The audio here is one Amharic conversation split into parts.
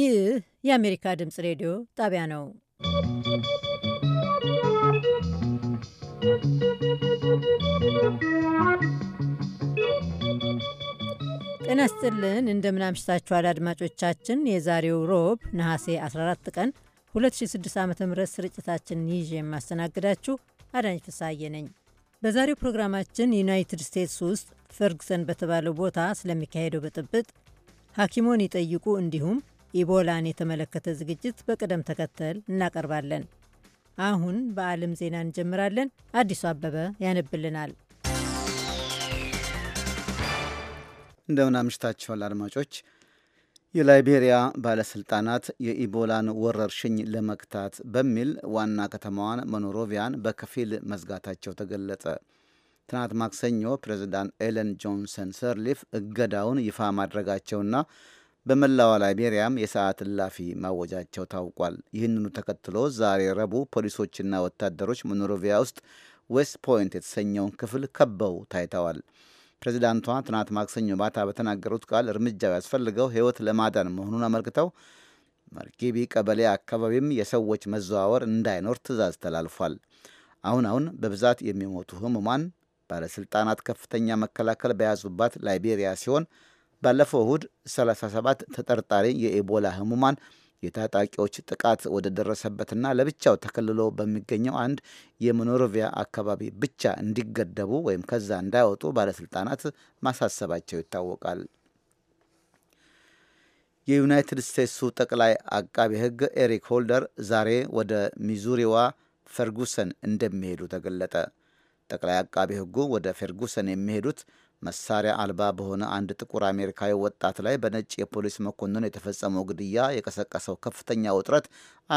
ይህ የአሜሪካ ድምፅ ሬዲዮ ጣቢያ ነው። ጤና ስጥልን እንደምናምሽታችኋል አድማጮቻችን። የዛሬው ሮብ ነሐሴ 14 ቀን 2006 ዓ ም ስርጭታችንን ይዤ የማስተናግዳችሁ አዳኝ ፍሳዬ ነኝ። በዛሬው ፕሮግራማችን ዩናይትድ ስቴትስ ውስጥ ፈርግሰን በተባለው ቦታ ስለሚካሄደው ብጥብጥ ሐኪሞን ይጠይቁ እንዲሁም ኢቦላን የተመለከተ ዝግጅት በቅደም ተከተል እናቀርባለን። አሁን በዓለም ዜና እንጀምራለን። አዲሱ አበበ ያነብልናል። እንደምን አምሽታችኋል አድማጮች። የላይቤሪያ ባለስልጣናት የኢቦላን ወረርሽኝ ለመግታት በሚል ዋና ከተማዋን መኖሮቪያን በከፊል መዝጋታቸው ተገለጸ። ትናንት ማክሰኞ ፕሬዚዳንት ኤለን ጆንሰን ሰርሊፍ እገዳውን ይፋ ማድረጋቸውና በመላዋ ላይቤሪያም የሰዓት እላፊ ማወጃቸው ታውቋል። ይህንኑ ተከትሎ ዛሬ ረቡዕ ፖሊሶችና ወታደሮች መኖሮቪያ ውስጥ ዌስት ፖይንት የተሰኘውን ክፍል ከበው ታይተዋል። ፕሬዚዳንቷ ትናንት ማክሰኞ ባታ በተናገሩት ቃል እርምጃው ያስፈልገው ሕይወት ለማዳን መሆኑን አመልክተው መርጌቢ ቀበሌ አካባቢም የሰዎች መዘዋወር እንዳይኖር ትዕዛዝ ተላልፏል። አሁን አሁን በብዛት የሚሞቱ ህሙማን ባለሥልጣናት ከፍተኛ መከላከል በያዙባት ላይቤሪያ ሲሆን ባለፈው እሁድ 37 ተጠርጣሪ የኢቦላ ህሙማን የታጣቂዎች ጥቃት ወደ ደረሰበትና ለብቻው ተከልሎ በሚገኘው አንድ የሞኖሮቪያ አካባቢ ብቻ እንዲገደቡ ወይም ከዛ እንዳይወጡ ባለስልጣናት ማሳሰባቸው ይታወቃል። የዩናይትድ ስቴትሱ ጠቅላይ አቃቢ ሕግ ኤሪክ ሆልደር ዛሬ ወደ ሚዙሪዋ ፈርጉሰን እንደሚሄዱ ተገለጠ። ጠቅላይ አቃቢ ሕጉ ወደ ፈርጉሰን የሚሄዱት መሳሪያ አልባ በሆነ አንድ ጥቁር አሜሪካዊ ወጣት ላይ በነጭ የፖሊስ መኮንን የተፈጸመው ግድያ የቀሰቀሰው ከፍተኛ ውጥረት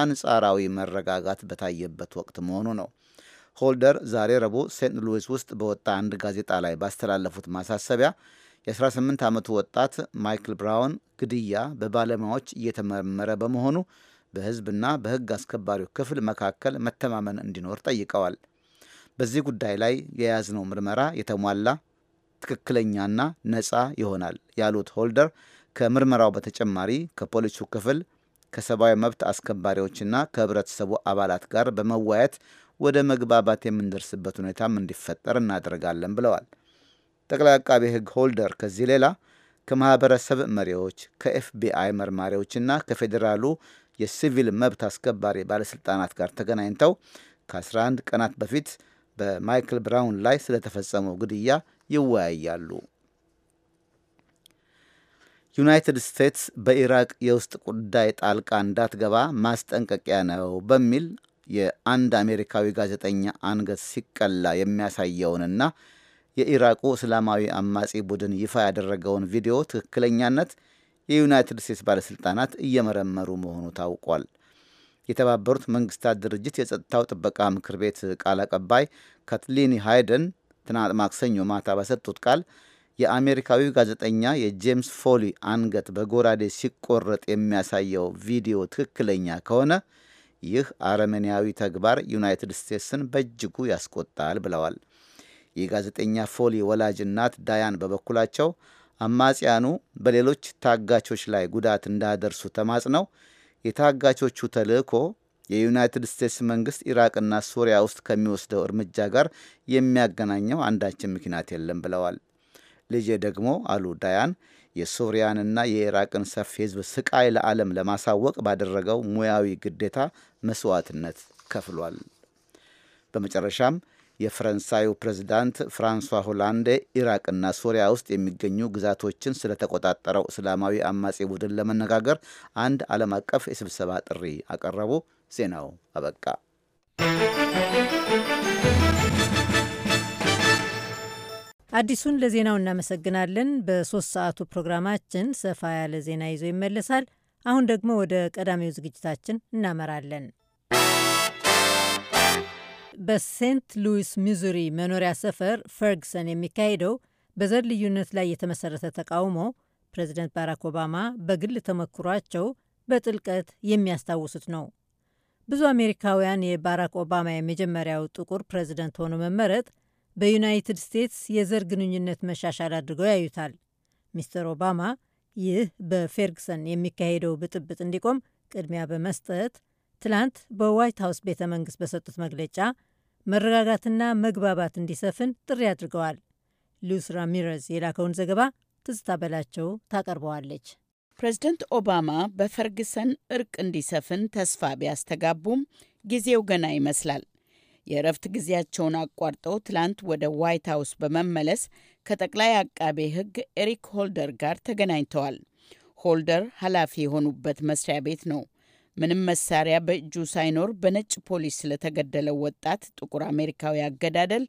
አንጻራዊ መረጋጋት በታየበት ወቅት መሆኑ ነው። ሆልደር ዛሬ ረቡዕ ሴንት ሉዊስ ውስጥ በወጣ አንድ ጋዜጣ ላይ ባስተላለፉት ማሳሰቢያ የ18 ዓመቱ ወጣት ማይክል ብራውን ግድያ በባለሙያዎች እየተመረመረ በመሆኑ በሕዝብና በሕግ አስከባሪው ክፍል መካከል መተማመን እንዲኖር ጠይቀዋል። በዚህ ጉዳይ ላይ የያዝነው ምርመራ የተሟላ ትክክለኛና ነጻ ይሆናል ያሉት ሆልደር ከምርመራው በተጨማሪ ከፖሊሱ ክፍል ከሰብአዊ መብት አስከባሪዎችና ከህብረተሰቡ አባላት ጋር በመወያየት ወደ መግባባት የምንደርስበት ሁኔታም እንዲፈጠር እናደርጋለን ብለዋል። ጠቅላይ አቃቢ ህግ ሆልደር ከዚህ ሌላ ከማህበረሰብ መሪዎች ከኤፍቢአይ መርማሪዎችና ከፌዴራሉ የሲቪል መብት አስከባሪ ባለሥልጣናት ጋር ተገናኝተው ከ11 ቀናት በፊት በማይክል ብራውን ላይ ስለተፈጸመው ግድያ ይወያያሉ። ዩናይትድ ስቴትስ በኢራቅ የውስጥ ጉዳይ ጣልቃ እንዳትገባ ማስጠንቀቂያ ነው በሚል የአንድ አሜሪካዊ ጋዜጠኛ አንገት ሲቀላ የሚያሳየውንና የኢራቁ እስላማዊ አማጺ ቡድን ይፋ ያደረገውን ቪዲዮ ትክክለኛነት የዩናይትድ ስቴትስ ባለሥልጣናት እየመረመሩ መሆኑ ታውቋል። የተባበሩት መንግስታት ድርጅት የጸጥታው ጥበቃ ምክር ቤት ቃል አቀባይ ካትሊን ሃይደን ትናንት ማክሰኞ ማታ በሰጡት ቃል የአሜሪካዊው ጋዜጠኛ የጄምስ ፎሊ አንገት በጎራዴ ሲቆረጥ የሚያሳየው ቪዲዮ ትክክለኛ ከሆነ ይህ አረመኔያዊ ተግባር ዩናይትድ ስቴትስን በእጅጉ ያስቆጣል ብለዋል። የጋዜጠኛ ፎሊ ወላጅ እናት ዳያን በበኩላቸው አማጽያኑ በሌሎች ታጋቾች ላይ ጉዳት እንዳደርሱ ተማጽነው የታጋቾቹ ተልዕኮ የዩናይትድ ስቴትስ መንግስት ኢራቅና ሱሪያ ውስጥ ከሚወስደው እርምጃ ጋር የሚያገናኘው አንዳችን ምክንያት የለም ብለዋል። ልጄ ደግሞ አሉ ዳያን የሱሪያንና የኢራቅን ሰፊ ሕዝብ ስቃይ ለዓለም ለማሳወቅ ባደረገው ሙያዊ ግዴታ መስዋዕትነት ከፍሏል። በመጨረሻም የፈረንሳዩ ፕሬዝዳንት ፍራንሷ ሆላንዴ ኢራቅና ሱሪያ ውስጥ የሚገኙ ግዛቶችን ስለተቆጣጠረው እስላማዊ አማጺ ቡድን ለመነጋገር አንድ ዓለም አቀፍ የስብሰባ ጥሪ አቀረቡ። ዜናው አበቃ። አዲሱን ለዜናው እናመሰግናለን። በሶስት ሰዓቱ ፕሮግራማችን ሰፋ ያለ ዜና ይዞ ይመለሳል። አሁን ደግሞ ወደ ቀዳሚው ዝግጅታችን እናመራለን። በሴንት ሉዊስ ሚዙሪ መኖሪያ ሰፈር ፈርግሰን የሚካሄደው በዘር ልዩነት ላይ የተመሰረተ ተቃውሞ ፕሬዚደንት ባራክ ኦባማ በግል ተመክሯቸው በጥልቀት የሚያስታውሱት ነው። ብዙ አሜሪካውያን የባራክ ኦባማ የመጀመሪያው ጥቁር ፕሬዝደንት ሆኖ መመረጥ በዩናይትድ ስቴትስ የዘር ግንኙነት መሻሻል አድርገው ያዩታል። ሚስተር ኦባማ ይህ በፌርግሰን የሚካሄደው ብጥብጥ እንዲቆም ቅድሚያ በመስጠት ትላንት በዋይት ሀውስ ቤተ መንግስት በሰጡት መግለጫ መረጋጋትና መግባባት እንዲሰፍን ጥሪ አድርገዋል። ሉስ ራሚረዝ የላከውን ዘገባ ትዝታ በላቸው ታቀርበዋለች። ፕሬዝደንት ኦባማ በፈርግሰን እርቅ እንዲሰፍን ተስፋ ቢያስተጋቡም ጊዜው ገና ይመስላል። የእረፍት ጊዜያቸውን አቋርጠው ትላንት ወደ ዋይት ሀውስ በመመለስ ከጠቅላይ አቃቤ ሕግ ኤሪክ ሆልደር ጋር ተገናኝተዋል። ሆልደር ኃላፊ የሆኑበት መስሪያ ቤት ነው። ምንም መሳሪያ በእጁ ሳይኖር በነጭ ፖሊስ ስለተገደለው ወጣት ጥቁር አሜሪካዊ አገዳደል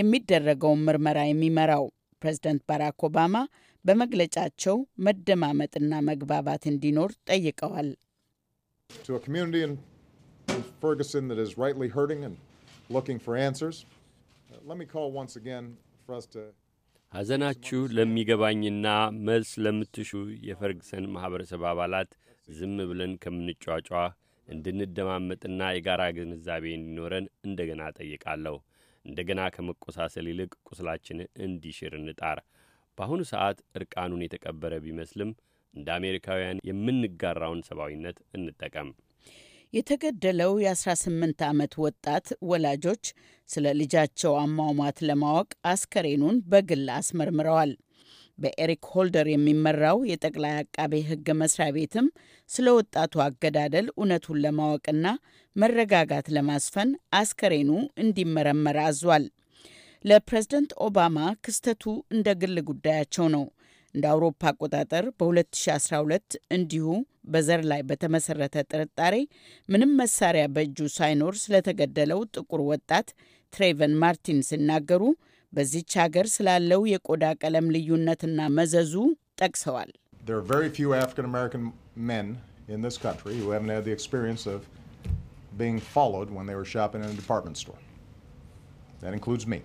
የሚደረገውን ምርመራ የሚመራው ፕሬዝደንት ባራክ ኦባማ በመግለጫቸው መደማመጥና መግባባት እንዲኖር ጠይቀዋል። uh, ሐዘናችሁ ለሚገባኝና መልስ ለምትሹ የፈርግሰን ማኅበረሰብ አባላት ዝም ብለን ከምንጫጫ እንድንደማመጥና የጋራ ግንዛቤ እንዲኖረን እንደገና ጠይቃለሁ። እንደገና ከመቆሳሰል ይልቅ ቁስላችን እንዲሽር እንጣር። በአሁኑ ሰዓት እርቃኑን የተቀበረ ቢመስልም እንደ አሜሪካውያን የምንጋራውን ሰብአዊነት እንጠቀም። የተገደለው የ18 ዓመት ወጣት ወላጆች ስለ ልጃቸው አሟሟት ለማወቅ አስከሬኑን በግል አስመርምረዋል። በኤሪክ ሆልደር የሚመራው የጠቅላይ አቃቤ ሕግ መስሪያ ቤትም ስለ ወጣቱ አገዳደል እውነቱን ለማወቅና መረጋጋት ለማስፈን አስከሬኑ እንዲመረመር አዟል። ለፕሬዝደንት ኦባማ ክስተቱ እንደ ግል ጉዳያቸው ነው። እንደ አውሮፓ አቆጣጠር በ2012 እንዲሁ በዘር ላይ በተመሰረተ ጥርጣሬ ምንም መሳሪያ በእጁ ሳይኖር ስለተገደለው ጥቁር ወጣት ትሬቨን ማርቲን ሲናገሩ በዚች ሀገር ስላለው የቆዳ ቀለም ልዩነትና መዘዙ ጠቅሰዋል። ሚ።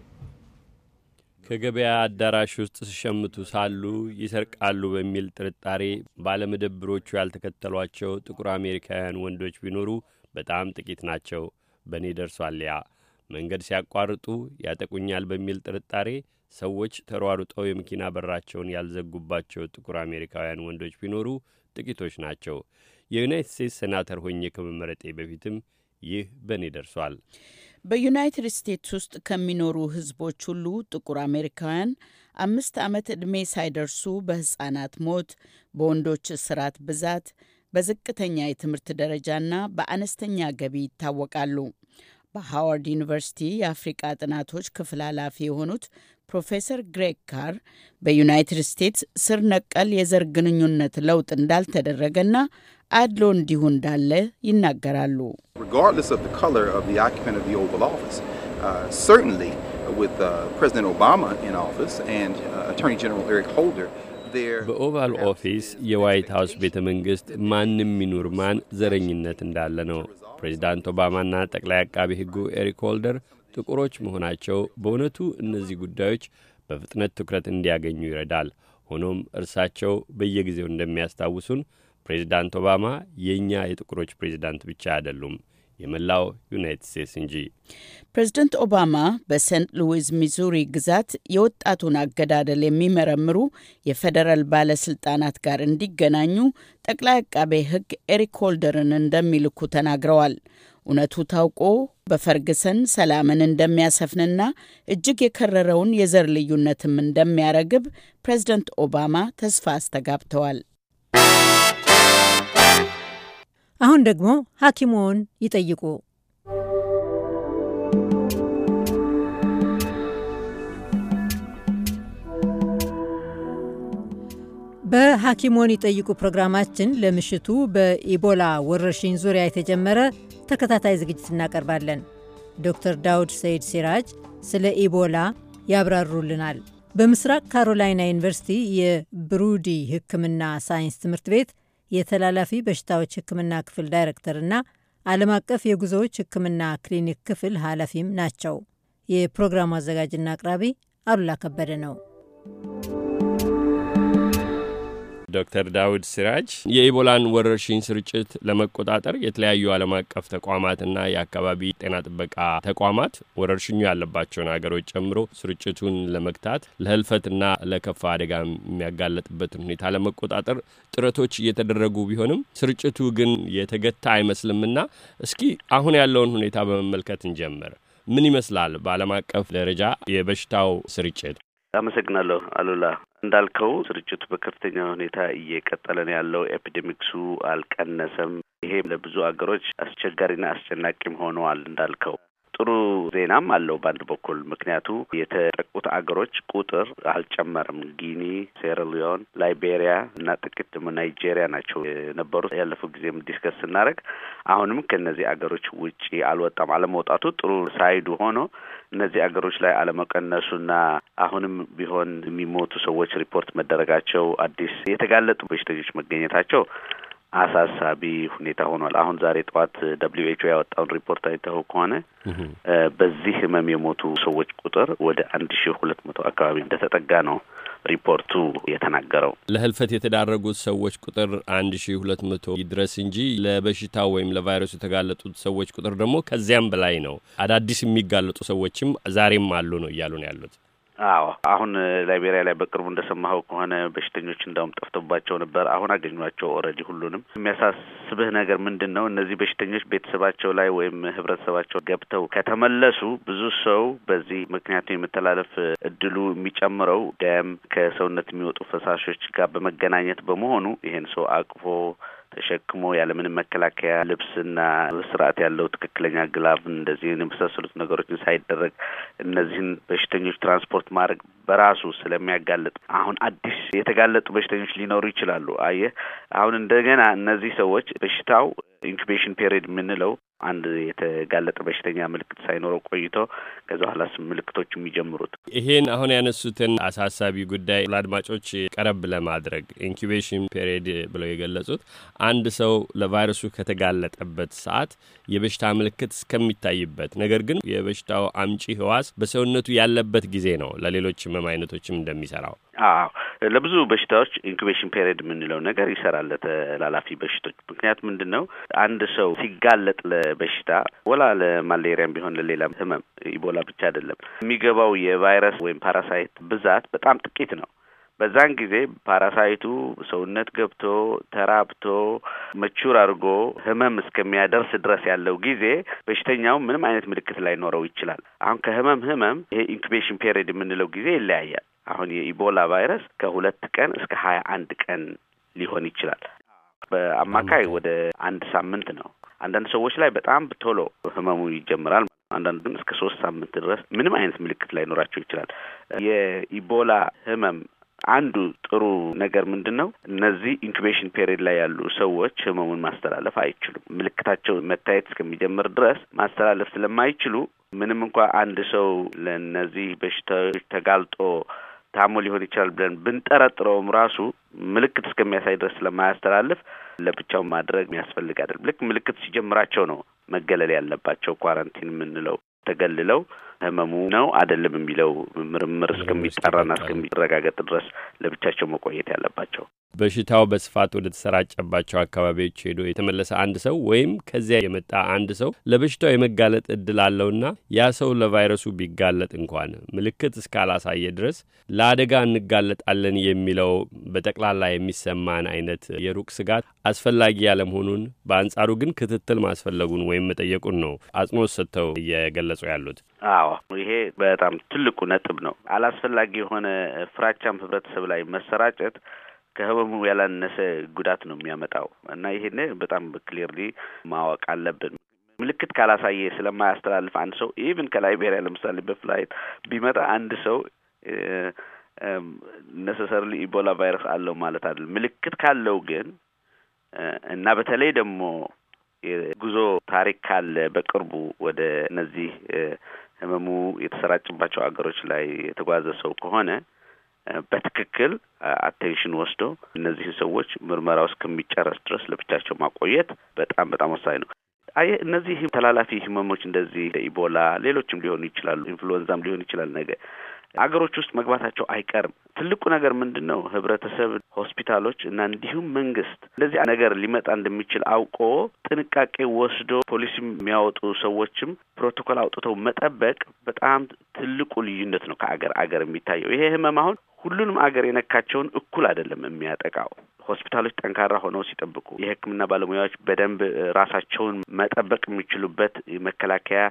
ከገበያ አዳራሽ ውስጥ ሲሸምቱ ሳሉ ይሰርቃሉ በሚል ጥርጣሬ ባለመደብሮቹ ያልተከተሏቸው ጥቁር አሜሪካውያን ወንዶች ቢኖሩ በጣም ጥቂት ናቸው። በእኔ ደርሷል። ያ መንገድ ሲያቋርጡ ያጠቁኛል በሚል ጥርጣሬ ሰዎች ተሯሩጠው የመኪና በራቸውን ያልዘጉባቸው ጥቁር አሜሪካውያን ወንዶች ቢኖሩ ጥቂቶች ናቸው። የዩናይትድ ስቴትስ ሴናተር ሆኜ ከመመረጤ በፊትም ይህ በእኔ ደርሷል። በዩናይትድ ስቴትስ ውስጥ ከሚኖሩ ህዝቦች ሁሉ ጥቁር አሜሪካውያን አምስት ዓመት ዕድሜ ሳይደርሱ በሕፃናት ሞት፣ በወንዶች እስራት ብዛት፣ በዝቅተኛ የትምህርት ደረጃና በአነስተኛ ገቢ ይታወቃሉ። በሃዋርድ ዩኒቨርሲቲ የአፍሪቃ ጥናቶች ክፍል ኃላፊ የሆኑት ፕሮፌሰር ግሬግ ካር በዩናይትድ ስቴትስ ስር ነቀል የዘር ግንኙነት ለውጥ እንዳልተደረገና አድሎ እንዲሁ እንዳለ ይናገራሉ። uh, uh, uh, በኦቫል ኦፊስ የዋይት ሀውስ ቤተ መንግስት ማንም ይኑር ማን ዘረኝነት እንዳለ ነው። ፕሬዚዳንት ኦባማና ጠቅላይ አቃቢ ሕጉ ኤሪክ ሆልደር ጥቁሮች መሆናቸው በእውነቱ እነዚህ ጉዳዮች በፍጥነት ትኩረት እንዲያገኙ ይረዳል። ሆኖም እርሳቸው በየጊዜው እንደሚያስታውሱን ፕሬዚዳንት ኦባማ የእኛ የጥቁሮች ፕሬዚዳንት ብቻ አይደሉም። የመላው ዩናይትድ ስቴትስ እንጂ። ፕሬዝደንት ኦባማ በሴንት ሉዊዝ ሚዙሪ ግዛት የወጣቱን አገዳደል የሚመረምሩ የፌዴራል ባለስልጣናት ጋር እንዲገናኙ ጠቅላይ አቃቤ ሕግ ኤሪክ ሆልደርን እንደሚልኩ ተናግረዋል። እውነቱ ታውቆ በፈርግሰን ሰላምን እንደሚያሰፍንና እጅግ የከረረውን የዘር ልዩነትም እንደሚያረግብ ፕሬዝደንት ኦባማ ተስፋ አስተጋብተዋል። አሁን ደግሞ ሐኪሞን ይጠይቁ። በሐኪሞን ይጠይቁ ፕሮግራማችን ለምሽቱ በኢቦላ ወረርሽኝ ዙሪያ የተጀመረ ተከታታይ ዝግጅት እናቀርባለን። ዶክተር ዳውድ ሰይድ ሲራጅ ስለ ኢቦላ ያብራሩልናል። በምስራቅ ካሮላይና ዩኒቨርሲቲ የብሩዲ ሕክምና ሳይንስ ትምህርት ቤት የተላላፊ በሽታዎች ሕክምና ክፍል ዳይሬክተርና ዓለም አቀፍ የጉዞዎች ሕክምና ክሊኒክ ክፍል ኃላፊም ናቸው። የፕሮግራሙ አዘጋጅና አቅራቢ አሉላ ከበደ ነው። ዶክተር ዳውድ ሲራጅ የኢቦላን ወረርሽኝ ስርጭት ለመቆጣጠር የተለያዩ ዓለም አቀፍ ተቋማትና የአካባቢ ጤና ጥበቃ ተቋማት ወረርሽኙ ያለባቸውን ሀገሮች ጨምሮ ስርጭቱን ለመግታት ለህልፈትና ለከፋ አደጋ የሚያጋለጥበትን ሁኔታ ለመቆጣጠር ጥረቶች እየተደረጉ ቢሆንም ስርጭቱ ግን የተገታ አይመስልምና እስኪ አሁን ያለውን ሁኔታ በመመልከት እንጀምር። ምን ይመስላል በዓለም አቀፍ ደረጃ የበሽታው ስርጭት? አመሰግናለሁ አሉላ። እንዳልከው ስርጭቱ በከፍተኛ ሁኔታ እየቀጠለ ነው ያለው። ኤፒዴሚክሱ አልቀነሰም። ይሄ ለብዙ አገሮች አስቸጋሪና አስጨናቂም ሆነዋል እንዳልከው ጥሩ ዜናም አለው በአንድ በኩል ምክንያቱ የተጠቁት አገሮች ቁጥር አልጨመርም። ጊኒ፣ ሴራሊዮን፣ ላይቤሪያ እና ጥቂት ደግሞ ናይጄሪያ ናቸው የነበሩት። ያለፈው ጊዜም ዲስከስ ስናደርግ አሁንም ከእነዚህ አገሮች ውጪ አልወጣም። አለመውጣቱ ጥሩ ሳይዱ ሆኖ እነዚህ አገሮች ላይ አለመቀነሱና አሁንም ቢሆን የሚሞቱ ሰዎች ሪፖርት መደረጋቸው አዲስ የተጋለጡ በሽተኞች መገኘታቸው አሳሳቢ ሁኔታ ሆኗል። አሁን ዛሬ ጠዋት ደብሊዩ ኤች ኦ ያወጣውን ሪፖርት አይተው ከሆነ በዚህ ህመም የሞቱ ሰዎች ቁጥር ወደ አንድ ሺ ሁለት መቶ አካባቢ እንደተጠጋ ነው ሪፖርቱ የተናገረው። ለህልፈት የተዳረጉት ሰዎች ቁጥር አንድ ሺ ሁለት መቶ ይድረስ እንጂ ለበሽታው ወይም ለቫይረሱ የተጋለጡት ሰዎች ቁጥር ደግሞ ከዚያም በላይ ነው። አዳዲስ የሚጋለጡ ሰዎችም ዛሬም አሉ ነው እያሉ ነው ያሉት። አዎ አሁን ላይቤሪያ ላይ በቅርቡ እንደሰማኸው ከሆነ በሽተኞች እንዳውም ጠፍቶባቸው ነበር። አሁን አገኟቸው ኦልሬዲ ሁሉንም። የሚያሳስብህ ነገር ምንድን ነው? እነዚህ በሽተኞች ቤተሰባቸው ላይ ወይም ህብረተሰባቸው ገብተው ከተመለሱ ብዙ ሰው በዚህ ምክንያቱ የመተላለፍ እድሉ የሚጨምረው ደም ከሰውነት የሚወጡ ፈሳሾች ጋር በመገናኘት በመሆኑ ይሄን ሰው አቅፎ ተሸክሞ ያለምንም መከላከያ ልብስና ስርዓት ያለው ትክክለኛ ግላብን እንደዚህ የመሳሰሉት ነገሮችን ሳይደረግ እነዚህን በሽተኞች ትራንስፖርት ማድረግ በራሱ ስለሚያጋልጥ አሁን አዲስ የተጋለጡ በሽተኞች ሊኖሩ ይችላሉ። አየህ አሁን እንደገና እነዚህ ሰዎች በሽታው ኢንኩቤሽን ፔሪድ የምንለው አንድ የተጋለጠ በሽተኛ ምልክት ሳይኖረው ቆይቶ ከዚ በኋላ ምልክቶች የሚጀምሩት። ይሄን አሁን ያነሱትን አሳሳቢ ጉዳይ ለአድማጮች ቀረብ ለማድረግ ኢንኩቤሽን ፔሪድ ብለው የገለጹት አንድ ሰው ለቫይረሱ ከተጋለጠበት ሰዓት የበሽታ ምልክት እስከሚታይበት፣ ነገር ግን የበሽታው አምጪ ህዋስ በሰውነቱ ያለበት ጊዜ ነው። ለሌሎች ህመም አይነቶችም እንደሚሰራው ለብዙ በሽታዎች ኢንኩቤሽን ፔሪድ የምንለው ነገር ይሰራል። ለተላላፊ በሽቶች ምክንያት ምንድን ነው? አንድ ሰው ሲጋለጥ ለበሽታ ወላ ለማሌሪያም ቢሆን ለሌላ ህመም ኢቦላ ብቻ አይደለም የሚገባው የቫይረስ ወይም ፓራሳይት ብዛት በጣም ጥቂት ነው። በዛን ጊዜ ፓራሳይቱ ሰውነት ገብቶ ተራብቶ መቹር አድርጎ ህመም እስከሚያደርስ ድረስ ያለው ጊዜ በሽተኛው ምንም አይነት ምልክት ላይኖረው ይችላል። አሁን ከህመም ህመም ይሄ ኢንኩቤሽን ፔሪድ የምንለው ጊዜ ይለያያል። አሁን የኢቦላ ቫይረስ ከሁለት ቀን እስከ ሀያ አንድ ቀን ሊሆን ይችላል። በአማካይ ወደ አንድ ሳምንት ነው። አንዳንድ ሰዎች ላይ በጣም ቶሎ ህመሙ ይጀምራል። አንዳንዱ ግን እስከ ሶስት ሳምንት ድረስ ምንም አይነት ምልክት ላይኖራቸው ይችላል። የኢቦላ ህመም አንዱ ጥሩ ነገር ምንድን ነው? እነዚህ ኢንኩቤሽን ፔሪድ ላይ ያሉ ሰዎች ህመሙን ማስተላለፍ አይችሉም። ምልክታቸው መታየት እስከሚጀምር ድረስ ማስተላለፍ ስለማይችሉ ምንም እንኳ አንድ ሰው ለእነዚህ በሽታዎች ተጋልጦ ታሞ ሊሆን ይችላል ብለን ብንጠረጥረውም ራሱ ምልክት እስከሚያሳይ ድረስ ስለማያስተላልፍ ለብቻው ማድረግ የሚያስፈልግ አይደለም። ልክ ምልክት ሲጀምራቸው ነው መገለል ያለባቸው ኳረንቲን የምንለው ተገልለው ህመሙ ነው አይደለም የሚለው ምርምር እስከሚጠራና እስከሚረጋገጥ ድረስ ለብቻቸው መቆየት ያለባቸው። በሽታው በስፋት ወደ ተሰራጨባቸው አካባቢዎች ሄዶ የተመለሰ አንድ ሰው ወይም ከዚያ የመጣ አንድ ሰው ለበሽታው የመጋለጥ እድል አለውና ያ ሰው ለቫይረሱ ቢጋለጥ እንኳን ምልክት እስካላሳየ ድረስ ለአደጋ እንጋለጣለን የሚለው በጠቅላላ የሚሰማን አይነት የሩቅ ስጋት አስፈላጊ ያለመሆኑን በአንጻሩ ግን ክትትል ማስፈለጉን ወይም መጠየቁን ነው አጽንኦት ሰጥተው እየገለጹ ያሉት። አዎ አዎ ይሄ በጣም ትልቁ ነጥብ ነው። አላስፈላጊ የሆነ ፍራቻም ህብረተሰብ ላይ መሰራጨት ከህመሙ ያላነሰ ጉዳት ነው የሚያመጣው እና ይሄን በጣም ክሊርሊ ማወቅ አለብን። ምልክት ካላሳየ ስለማያስተላልፍ አንድ ሰው ኢቭን ከላይቤሪያ ለምሳሌ በፍላይት ቢመጣ አንድ ሰው ነሰሰርሊ ኢቦላ ቫይረስ አለው ማለት አይደለም። ምልክት ካለው ግን እና በተለይ ደግሞ የጉዞ ታሪክ ካለ በቅርቡ ወደ እነዚህ ህመሙ የተሰራጭባቸው አገሮች ላይ የተጓዘ ሰው ከሆነ በትክክል አቴንሽን ወስዶ እነዚህን ሰዎች ምርመራ እስከሚጨረስ ድረስ ለብቻቸው ማቆየት በጣም በጣም ወሳኝ ነው። አየ እነዚህ ተላላፊ ህመሞች እንደዚህ ኢቦላ፣ ሌሎችም ሊሆኑ ይችላሉ፣ ኢንፍሉዌንዛም ሊሆን ይችላል። ነገር አገሮች ውስጥ መግባታቸው አይቀርም። ትልቁ ነገር ምንድን ነው? ህብረተሰብ፣ ሆስፒታሎች እና እንዲሁም መንግስት እንደዚህ ነገር ሊመጣ እንደሚችል አውቆ ጥንቃቄ ወስዶ ፖሊሲ የሚያወጡ ሰዎችም ፕሮቶኮል አውጥተው መጠበቅ በጣም ትልቁ ልዩነት ነው ከአገር አገር የሚታየው። ይሄ ህመም አሁን ሁሉንም አገር የነካቸውን እኩል አይደለም የሚያጠቃው። ሆስፒታሎች ጠንካራ ሆነው ሲጠብቁ፣ የህክምና ባለሙያዎች በደንብ ራሳቸውን መጠበቅ የሚችሉበት መከላከያ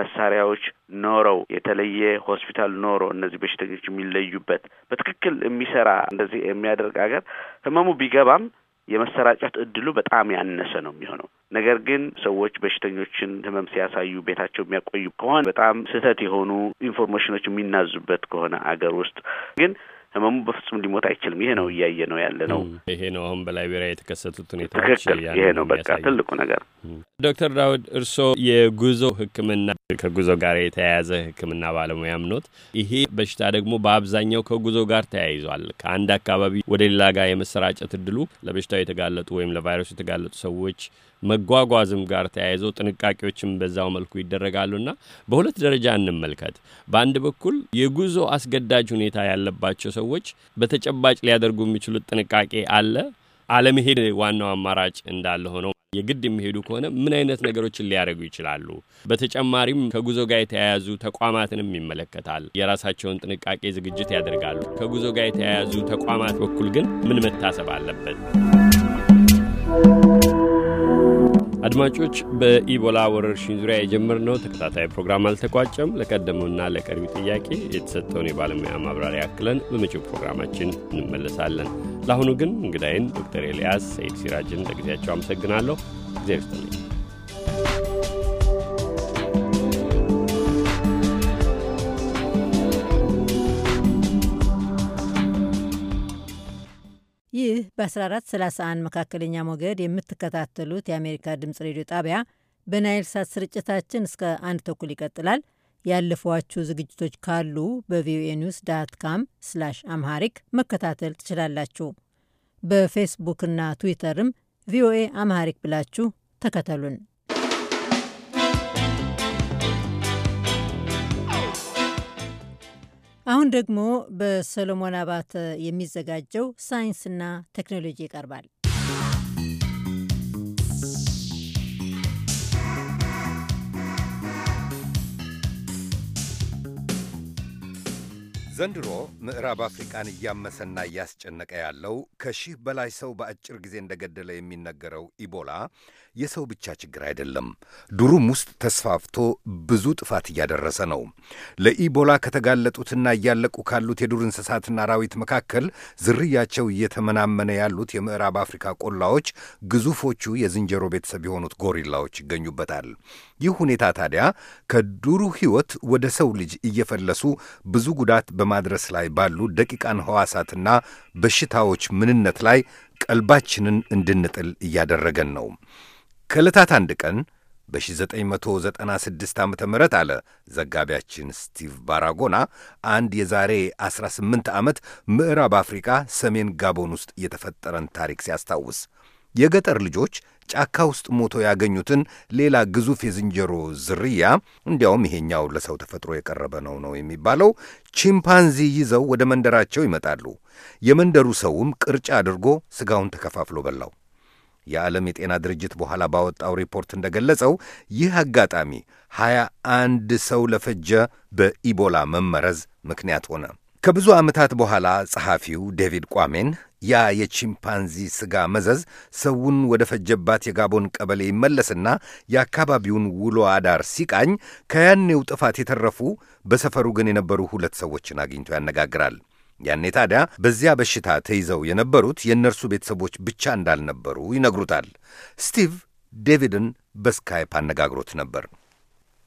መሳሪያዎች ኖረው የተለየ ሆስፒታል ኖሮ እነዚህ በሽተኞች የሚለዩበት በትክክል የሚሰራ እንደዚህ የሚያደርግ ሀገር ህመሙ ቢገባም የመሰራጨት እድሉ በጣም ያነሰ ነው የሚሆነው። ነገር ግን ሰዎች በሽተኞችን ህመም ሲያሳዩ ቤታቸው የሚያቆዩ ከሆነ በጣም ስህተት የሆኑ ኢንፎርሜሽኖች የሚናዙበት ከሆነ አገር ውስጥ ግን ህመሙ በፍጹም ሊሞት አይችልም። ይሄ ነው እያየ ነው ያለ ነው። ይሄ ነው አሁን በላይቤሪያ የተከሰቱት ሁኔታዎች። ይሄ ነው በቃ ትልቁ ነገር። ዶክተር ዳውድ እርስዎ የጉዞ ህክምና ከጉዞ ጋር የተያያዘ ሕክምና ባለሙያም ኖት። ይሄ በሽታ ደግሞ በአብዛኛው ከጉዞ ጋር ተያይዟል። ከአንድ አካባቢ ወደ ሌላ ጋር የመሰራጨት እድሉ ለበሽታው የተጋለጡ ወይም ለቫይረሱ የተጋለጡ ሰዎች መጓጓዝም ጋር ተያይዞ ጥንቃቄዎችም በዛው መልኩ ይደረጋሉና በሁለት ደረጃ እንመልከት። በአንድ በኩል የጉዞ አስገዳጅ ሁኔታ ያለባቸው ሰዎች በተጨባጭ ሊያደርጉ የሚችሉት ጥንቃቄ አለ፣ አለመሄድ ዋናው አማራጭ እንዳለ ሆነው የግድ የሚሄዱ ከሆነ ምን አይነት ነገሮችን ሊያደርጉ ይችላሉ? በተጨማሪም ከጉዞ ጋር የተያያዙ ተቋማትንም ይመለከታል። የራሳቸውን ጥንቃቄ ዝግጅት ያደርጋሉ። ከጉዞ ጋር የተያያዙ ተቋማት በኩል ግን ምን መታሰብ አለበት? አድማጮች በኢቦላ ወረርሽኝ ዙሪያ የጀመርነው ተከታታይ ፕሮግራም አልተቋጨም። ለቀደመውና ለቀሪው ጥያቄ የተሰጠውን የባለሙያ ማብራሪያ አክለን በመጪው ፕሮግራማችን እንመለሳለን። ለአሁኑ ግን እንግዳይን ዶክተር ኤልያስ ሰይድ ሲራጅን ለጊዜያቸው አመሰግናለሁ። እግዚአብሔር ይስጥልኝ። ይህ በ1431 መካከለኛ ሞገድ የምትከታተሉት የአሜሪካ ድምፅ ሬዲዮ ጣቢያ በናይል ሳት ስርጭታችን እስከ አንድ ተኩል ይቀጥላል። ያለፏችሁ ዝግጅቶች ካሉ በቪኦኤ ኒውስ ዳት ካም ስላሽ አምሃሪክ መከታተል ትችላላችሁ። በፌስቡክና ትዊተርም ቪኦኤ አምሃሪክ ብላችሁ ተከተሉን። አሁን ደግሞ በሰሎሞን አባተ የሚዘጋጀው ሳይንስና ቴክኖሎጂ ይቀርባል። ዘንድሮ ምዕራብ አፍሪቃን እያመሰና እያስጨነቀ ያለው ከሺህ በላይ ሰው በአጭር ጊዜ እንደገደለ የሚነገረው ኢቦላ የሰው ብቻ ችግር አይደለም። ዱሩም ውስጥ ተስፋፍቶ ብዙ ጥፋት እያደረሰ ነው። ለኢቦላ ከተጋለጡትና እያለቁ ካሉት የዱር እንስሳትና አራዊት መካከል ዝርያቸው እየተመናመነ ያሉት የምዕራብ አፍሪካ ቆላዎች ግዙፎቹ የዝንጀሮ ቤተሰብ የሆኑት ጎሪላዎች ይገኙበታል። ይህ ሁኔታ ታዲያ ከዱሩ ሕይወት ወደ ሰው ልጅ እየፈለሱ ብዙ ጉዳት በማድረስ ላይ ባሉ ደቂቃን ሕዋሳትና በሽታዎች ምንነት ላይ ቀልባችንን እንድንጥል እያደረገን ነው። ከዕለታት አንድ ቀን በ1996 ዓ ም አለ ዘጋቢያችን ስቲቭ ባራጎና አንድ የዛሬ 18 ዓመት ምዕራብ አፍሪካ ሰሜን ጋቦን ውስጥ የተፈጠረን ታሪክ ሲያስታውስ የገጠር ልጆች ጫካ ውስጥ ሞቶ ያገኙትን ሌላ ግዙፍ የዝንጀሮ ዝርያ እንዲያውም ይሄኛው ለሰው ተፈጥሮ የቀረበ ነው ነው የሚባለው ቺምፓንዚ ይዘው ወደ መንደራቸው ይመጣሉ። የመንደሩ ሰውም ቅርጫ አድርጎ ስጋውን ተከፋፍሎ በላው። የዓለም የጤና ድርጅት በኋላ ባወጣው ሪፖርት እንደገለጸው ይህ አጋጣሚ ሀያ አንድ ሰው ለፈጀ በኢቦላ መመረዝ ምክንያት ሆነ። ከብዙ ዓመታት በኋላ ጸሐፊው ዴቪድ ቋሜን ያ የቺምፓንዚ ሥጋ መዘዝ ሰውን ወደ ፈጀባት የጋቦን ቀበሌ ይመለስና የአካባቢውን ውሎ አዳር ሲቃኝ ከያኔው ጥፋት የተረፉ በሰፈሩ ግን የነበሩ ሁለት ሰዎችን አግኝቶ ያነጋግራል። ያኔ ታዲያ በዚያ በሽታ ተይዘው የነበሩት የእነርሱ ቤተሰቦች ብቻ እንዳልነበሩ ይነግሩታል። ስቲቭ ዴቪድን በስካይፕ አነጋግሮት ነበር።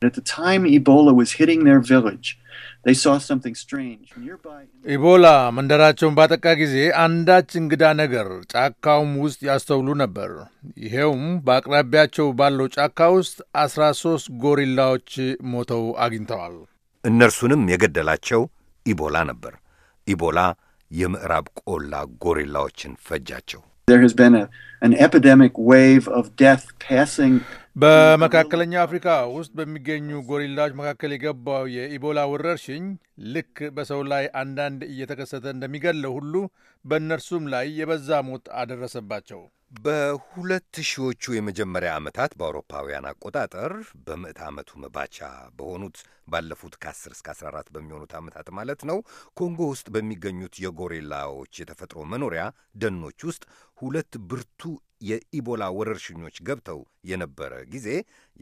At the time Ebola was hitting their village, they saw something strange nearby. Ebola, Mandara Chumbataka Gizi, Anda Chingdanagar, Chakaum Wust Yastolunaber, Yeum, Bakrabiacho Balo Chakaust, Asrasos gorilla ochi Moto Agintal. There has been an epidemic wave of death passing. በመካከለኛ አፍሪካ ውስጥ በሚገኙ ጎሪላዎች መካከል የገባው የኢቦላ ወረርሽኝ ልክ በሰው ላይ አንዳንድ እየተከሰተ እንደሚገለው ሁሉ በእነርሱም ላይ የበዛ ሞት አደረሰባቸው። በሁለት ሺዎቹ የመጀመሪያ ዓመታት በአውሮፓውያን አቆጣጠር በምዕት ዓመቱ መባቻ በሆኑት ባለፉት ከ10 እስከ 14 በሚሆኑት ዓመታት ማለት ነው ኮንጎ ውስጥ በሚገኙት የጎሪላዎች የተፈጥሮ መኖሪያ ደኖች ውስጥ ሁለት ብርቱ የኢቦላ ወረርሽኞች ገብተው የነበረ ጊዜ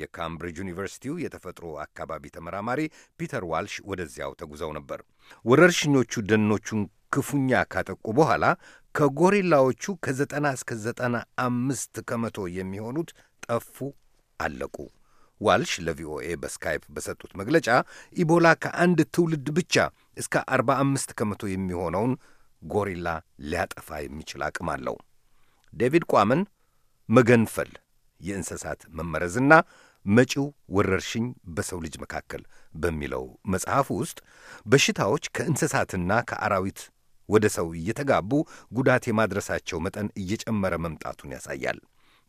የካምብሪጅ ዩኒቨርሲቲው የተፈጥሮ አካባቢ ተመራማሪ ፒተር ዋልሽ ወደዚያው ተጉዘው ነበር። ወረርሽኞቹ ደኖቹን ክፉኛ ካጠቁ በኋላ ከጎሪላዎቹ ከዘጠና እስከ ዘጠና አምስት ከመቶ የሚሆኑት ጠፉ፣ አለቁ። ዋልሽ ለቪኦኤ በስካይፕ በሰጡት መግለጫ ኢቦላ ከአንድ ትውልድ ብቻ እስከ አርባ አምስት ከመቶ የሚሆነውን ጎሪላ ሊያጠፋ የሚችል አቅም አለው። ዴቪድ ቋምን መገንፈል የእንስሳት መመረዝና መጪው ወረርሽኝ በሰው ልጅ መካከል በሚለው መጽሐፍ ውስጥ በሽታዎች ከእንስሳትና ከአራዊት ወደ ሰው እየተጋቡ ጉዳት የማድረሳቸው መጠን እየጨመረ መምጣቱን ያሳያል።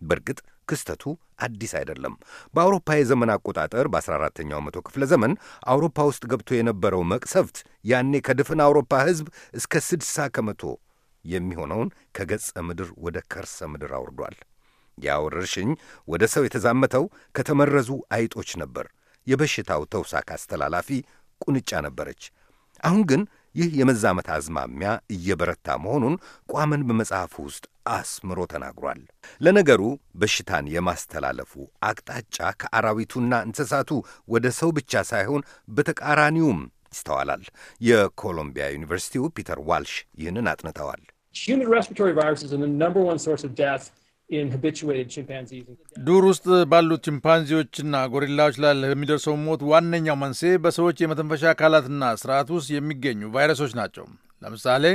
በእርግጥ ክስተቱ አዲስ አይደለም። በአውሮፓ የዘመን አቆጣጠር በ14ኛው መቶ ክፍለ ዘመን አውሮፓ ውስጥ ገብቶ የነበረው መቅሰፍት ያኔ ከድፍን አውሮፓ ሕዝብ እስከ 60 ከመቶ የሚሆነውን ከገጸ ምድር ወደ ከርሰ ምድር አውርዷል። ያ ወረርሽኝ ወደ ሰው የተዛመተው ከተመረዙ አይጦች ነበር። የበሽታው ተውሳክ አስተላላፊ ቁንጫ ነበረች። አሁን ግን ይህ የመዛመት አዝማሚያ እየበረታ መሆኑን ቋመን በመጽሐፉ ውስጥ አስምሮ ተናግሯል። ለነገሩ በሽታን የማስተላለፉ አቅጣጫ ከአራዊቱና እንስሳቱ ወደ ሰው ብቻ ሳይሆን በተቃራኒውም ይስተዋላል። የኮሎምቢያ ዩኒቨርሲቲው ፒተር ዋልሽ ይህንን አጥንተዋል። human respiratory viruses are the number one source of death in habituated chimpanzees. ዱር ውስጥ ባሉት ቺምፓንዚዎችና ጎሪላዎች ላይ ለሚደርሰው ሞት ዋነኛው መንስኤ በሰዎች የመተንፈሻ አካላትና ስርዓት ውስጥ የሚገኙ ቫይረሶች ናቸው። ለምሳሌ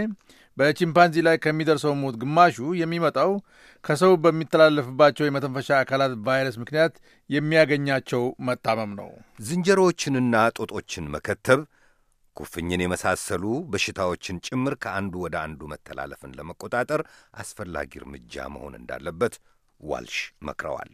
በቺምፓንዚ ላይ ከሚደርሰው ሞት ግማሹ የሚመጣው ከሰው በሚተላለፍባቸው የመተንፈሻ አካላት ቫይረስ ምክንያት የሚያገኛቸው መታመም ነው። ዝንጀሮዎችንና ጦጦችን መከተብ ኩፍኝን የመሳሰሉ በሽታዎችን ጭምር ከአንዱ ወደ አንዱ መተላለፍን ለመቆጣጠር አስፈላጊ እርምጃ መሆን እንዳለበት ዋልሽ መክረዋል።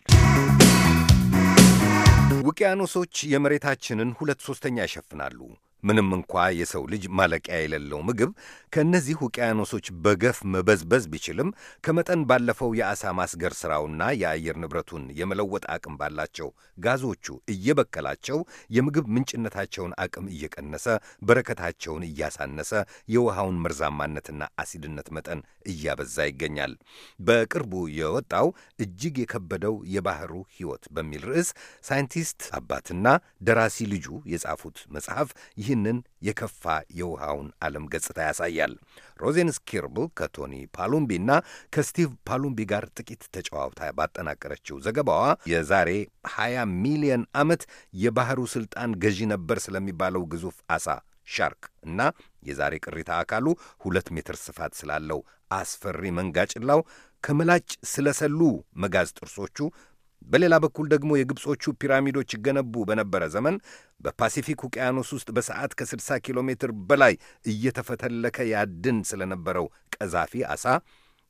ውቅያኖሶች የመሬታችንን ሁለት ሦስተኛ ይሸፍናሉ። ምንም እንኳ የሰው ልጅ ማለቂያ የሌለው ምግብ ከእነዚህ ውቅያኖሶች በገፍ መበዝበዝ ቢችልም ከመጠን ባለፈው የአሳ ማስገር ሥራውና የአየር ንብረቱን የመለወጥ አቅም ባላቸው ጋዞቹ እየበከላቸው የምግብ ምንጭነታቸውን አቅም እየቀነሰ በረከታቸውን እያሳነሰ የውሃውን መርዛማነትና አሲድነት መጠን እያበዛ ይገኛል። በቅርቡ የወጣው እጅግ የከበደው የባህሩ ሕይወት በሚል ርዕስ ሳይንቲስት አባትና ደራሲ ልጁ የጻፉት መጽሐፍ ይህንን የከፋ የውሃውን ዓለም ገጽታ ያሳያል። ሮዜንስ ኪርብል ከቶኒ እና ከስቲቭ ፓሉምቢ ጋር ጥቂት ተጨዋውታ ባጠናቀረችው ዘገባዋ የዛሬ 20 ሚሊዮን ዓመት የባህሩ ስልጣን ገዢ ነበር ስለሚባለው ግዙፍ አሳ ሻርክ እና የዛሬ ቅሪታ አካሉ ሁለት ሜትር ስፋት ስላለው አስፈሪ መንጋጭላው ከመላጭ ስለሰሉ መጋዝ ጥርሶቹ በሌላ በኩል ደግሞ የግብጾቹ ፒራሚዶች ይገነቡ በነበረ ዘመን በፓሲፊክ ውቅያኖስ ውስጥ በሰዓት ከ60 ኪሎ ሜትር በላይ እየተፈተለከ ያድን ስለነበረው ቀዛፊ አሳ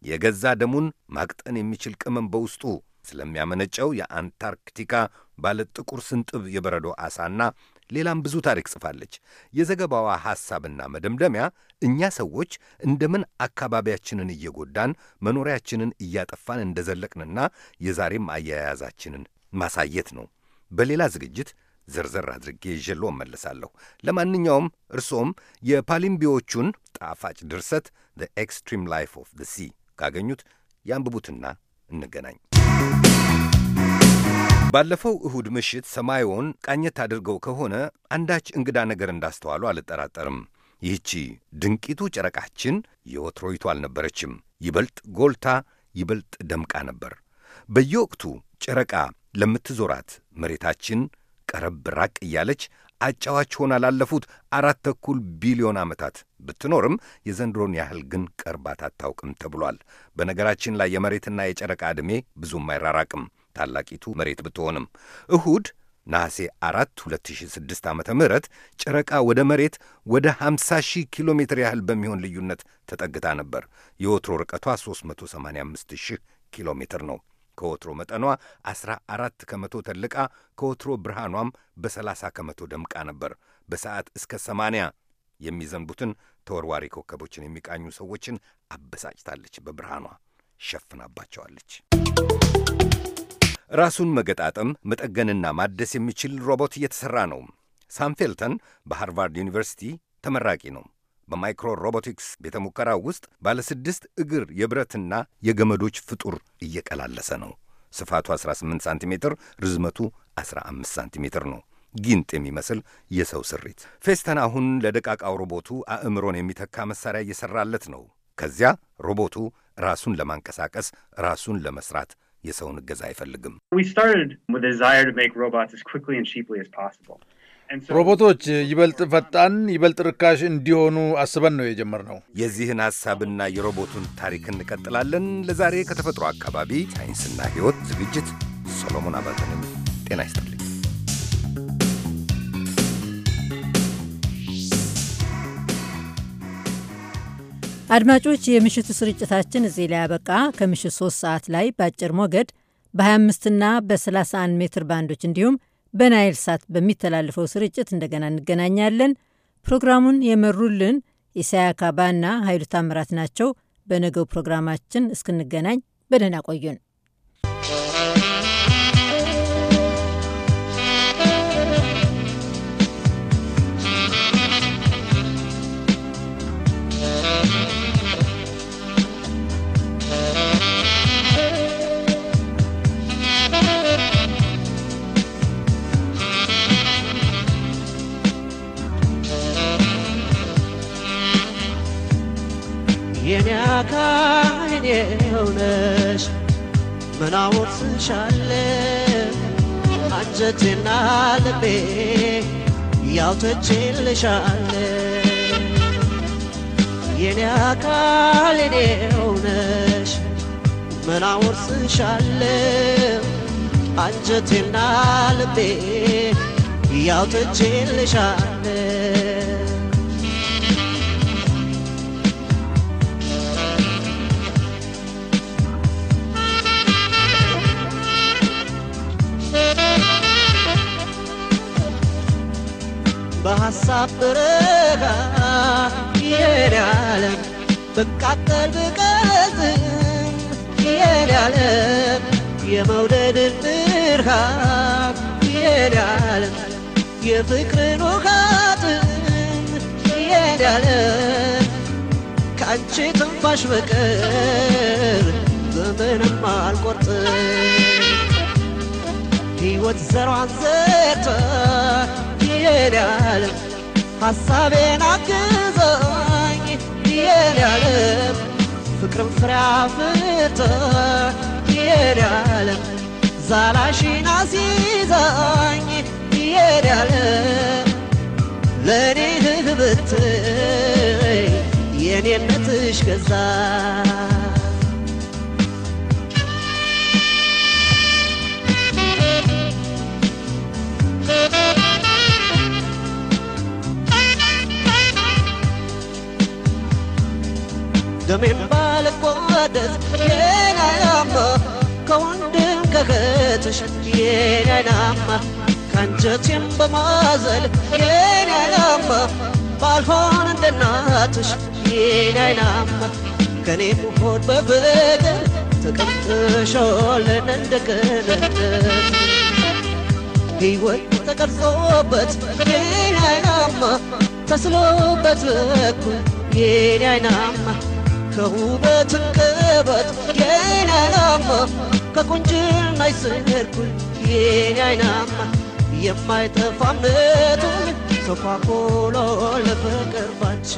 የገዛ ደሙን ማቅጠን የሚችል ቅመም በውስጡ ስለሚያመነጨው የአንታርክቲካ ባለ ጥቁር ስንጥብ የበረዶ አሳና ሌላም ብዙ ታሪክ ጽፋለች። የዘገባዋ ሐሳብና መደምደሚያ እኛ ሰዎች እንደምን አካባቢያችንን እየጎዳን መኖሪያችንን እያጠፋን እንደዘለቅንና የዛሬም አያያዛችንን ማሳየት ነው። በሌላ ዝግጅት ዝርዝር አድርጌ ይዤሎ እመለሳለሁ። ለማንኛውም እርሶም የፓሊምቢዎቹን ጣፋጭ ድርሰት ዘ ኤክስትሪም ላይፍ ኦፍ ዘ ሲ ካገኙት ያንብቡትና እንገናኝ። ባለፈው እሁድ ምሽት ሰማዮን ቃኘት አድርገው ከሆነ አንዳች እንግዳ ነገር እንዳስተዋሉ አልጠራጠርም። ይህቺ ድንቂቱ ጨረቃችን የወትሮይቱ አልነበረችም። ይበልጥ ጎልታ፣ ይበልጥ ደምቃ ነበር። በየወቅቱ ጨረቃ ለምትዞራት መሬታችን ቀረብ ራቅ እያለች አጫዋች ሆና ላለፉት አራት ተኩል ቢሊዮን ዓመታት ብትኖርም የዘንድሮን ያህል ግን ቀርባት አታውቅም ተብሏል። በነገራችን ላይ የመሬትና የጨረቃ ዕድሜ ብዙም አይራራቅም። ታላቂቱ መሬት ብትሆንም እሁድ ነሐሴ 4 2006 ዓ ም ጨረቃ ወደ መሬት ወደ 50 ሺህ ኪሎ ሜትር ያህል በሚሆን ልዩነት ተጠግታ ነበር። የወትሮ ርቀቷ 385 ሺህ ኪሎ ሜትር ነው። ከወትሮ መጠኗ 14 ከመቶ ተልቃ ከወትሮ ብርሃኗም በ30 ከመቶ ደምቃ ነበር። በሰዓት እስከ 80 የሚዘንቡትን ተወርዋሪ ኮከቦችን የሚቃኙ ሰዎችን አበሳጭታለች። በብርሃኗ ሸፍናባቸዋለች። ራሱን መገጣጠም መጠገንና ማደስ የሚችል ሮቦት እየተሠራ ነው። ሳም ፌልተን በሃርቫርድ ዩኒቨርሲቲ ተመራቂ ነው። በማይክሮ ሮቦቲክስ ቤተ ሙከራ ውስጥ ባለ ስድስት እግር የብረትና የገመዶች ፍጡር እየቀላለሰ ነው። ስፋቱ 18 ሳንቲሜትር፣ ርዝመቱ 15 ሳንቲሜትር ነው። ጊንጥ የሚመስል የሰው ስሪት። ፌስተን አሁን ለደቃቃው ሮቦቱ አእምሮን የሚተካ መሳሪያ እየሠራለት ነው። ከዚያ ሮቦቱ ራሱን ለማንቀሳቀስ ራሱን ለመሥራት የሰውን እገዛ አይፈልግም። ሮቦቶች ይበልጥ ፈጣን፣ ይበልጥ ርካሽ እንዲሆኑ አስበን ነው የጀመርነው። የዚህን ሐሳብና የሮቦቱን ታሪክ እንቀጥላለን። ለዛሬ ከተፈጥሮ አካባቢ ሳይንስና ሕይወት ዝግጅት ሶሎሞን አባተንም ጤና ይስጥልኝ። አድማጮች፣ የምሽቱ ስርጭታችን እዚህ ላይ ያበቃ። ከምሽት 3 ሰዓት ላይ በአጭር ሞገድ በ25ና በ31 ሜትር ባንዶች እንዲሁም በናይል ሳት በሚተላለፈው ስርጭት እንደገና እንገናኛለን። ፕሮግራሙን የመሩልን ኢሳያ ካባና ኃይሉ ታምራት ናቸው። በነገው ፕሮግራማችን እስክንገናኝ በደህና ቆዩን። መናወር ስንሻለ አንጀቴና ልቤ ያውተቼልሻለ የኔ አካል የኔ ሆነሽ አንጀቴና ልቤ ያውተቼልሻለ ሳብረኻ የኔዓለም ብቃጠል ብቀዝም የኔዓለም የመውደድን ብርሃን የኔዓለም የፍቅርን ውሃጥም የኔዓለም ከአንቺ ትንፋሽ በቀር በምንም አልቆርጥም ሕይወት ዘሯን ዘርታ የኔ ዓለም ሐሳቤን አግዘኝ ብዬን ያለም ፍቅርም ፍሬ አፍርቶ ብዬን ያለም ዛላሽን አስይዘኝ ብዬን ያለም ለእኔ ህብትይ የእኔነትሽ ገዛኝ በሚባል ቆደስ የናያማ ከወንድም ከገትሽ የናያማ ከአንጀቴም በማዘል የናያማ ባልሆን እንደናትሽ የናያማ ከኔ ብሆን በፍቅር ተቀምጥሾልን እንደገነት ሕይወት ተቀርጾበት የኔ ተስሎበት እኩል የኔ አይናማ ከውበት ቅበት የኔ አይናማ ከቁንጅና አይሰየርኩኝ የኔ አይናማ የማይጠፋ እምነቱ ተኳኩሎ ለፍቅር ባንቺ